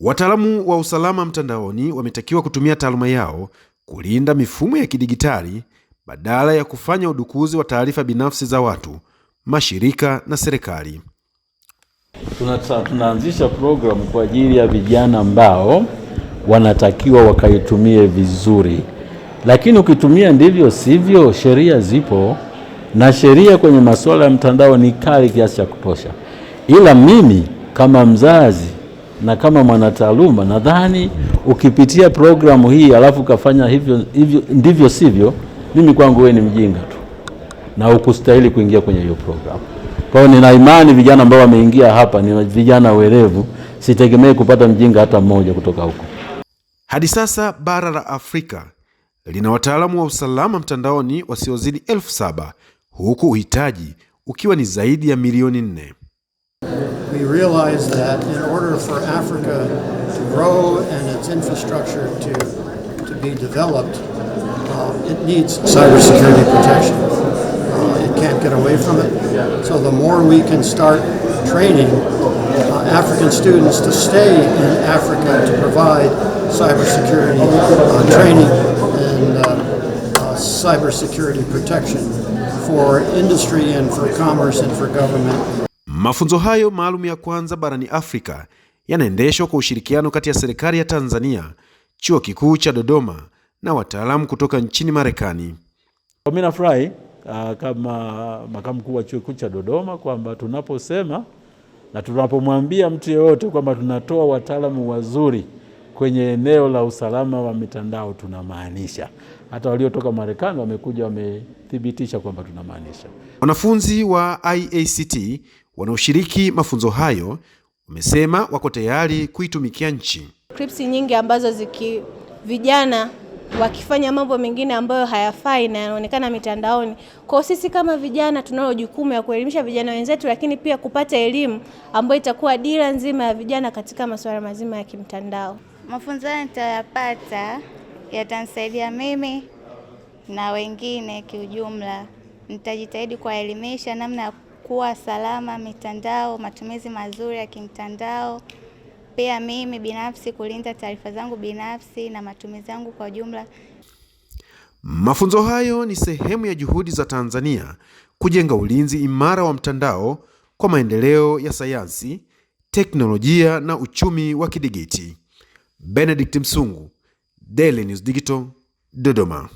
Wataalamu wa usalama mtandaoni wametakiwa kutumia taaluma yao kulinda mifumo ya kidijitali badala ya kufanya udukuzi wa taarifa binafsi za watu, mashirika na serikali. tunaanzisha programu kwa ajili ya vijana ambao wanatakiwa wakaitumie vizuri, lakini ukitumia ndivyo sivyo, sheria zipo na sheria kwenye masuala ya mtandao ni kali kiasi cha kutosha, ila mimi kama mzazi na kama mwanataaluma nadhani ukipitia programu hii alafu ukafanya hivyo, hivyo ndivyo sivyo, mimi kwangu wewe ni mjinga tu na ukustahili kuingia kwenye hiyo programu. Kwa hiyo nina imani vijana ambao wameingia hapa ni vijana werevu, sitegemee kupata mjinga hata mmoja kutoka huko. Hadi sasa bara la Afrika lina wataalamu wa usalama mtandaoni wasiozidi elfu saba huku uhitaji ukiwa ni zaidi ya milioni nne. We realize that in order for Africa to grow and its infrastructure to, to be developed, uh, it needs cybersecurity protection. Uh, it can't get away from it. So the more we can start training uh, African students to stay in Africa to provide cybersecurity uh, training and uh, uh, cybersecurity protection for industry and for commerce and for government Mafunzo hayo maalum ya kwanza barani Afrika yanaendeshwa kwa ushirikiano kati ya serikali ya Tanzania, Chuo Kikuu cha Dodoma na wataalamu kutoka nchini Marekani. Mimi nafurahi uh, kama makamu mkuu wa Chuo Kikuu cha Dodoma kwamba tunaposema na tunapomwambia mtu yeyote kwamba tunatoa wataalamu wazuri kwenye eneo la usalama wa mitandao tunamaanisha. Hata waliotoka Marekani wamekuja wamethibitisha kwamba tunamaanisha. Wanafunzi wa IACT Wanaoshiriki mafunzo hayo wamesema wako tayari kuitumikia nchi. Clips nyingi ambazo ziki vijana wakifanya mambo mengine ambayo hayafai na yanaonekana mitandaoni. Kwa sisi kama vijana tunalo jukumu ya kuelimisha vijana wenzetu, lakini pia kupata elimu ambayo itakuwa dira nzima ya vijana katika masuala mazima ya kimtandao. Mafunzo hayo nitayapata, yatanisaidia mimi na wengine kiujumla. Nitajitahidi kuwaelimisha namna ya kuwa salama mitandao, matumizi mazuri ya kimtandao, pia mimi binafsi kulinda taarifa zangu binafsi na matumizi yangu kwa jumla. Mafunzo hayo ni sehemu ya juhudi za Tanzania kujenga ulinzi imara wa mtandao kwa maendeleo ya sayansi, teknolojia na uchumi wa kidigiti. Benedict Msungu, Daily News Digital, Dodoma.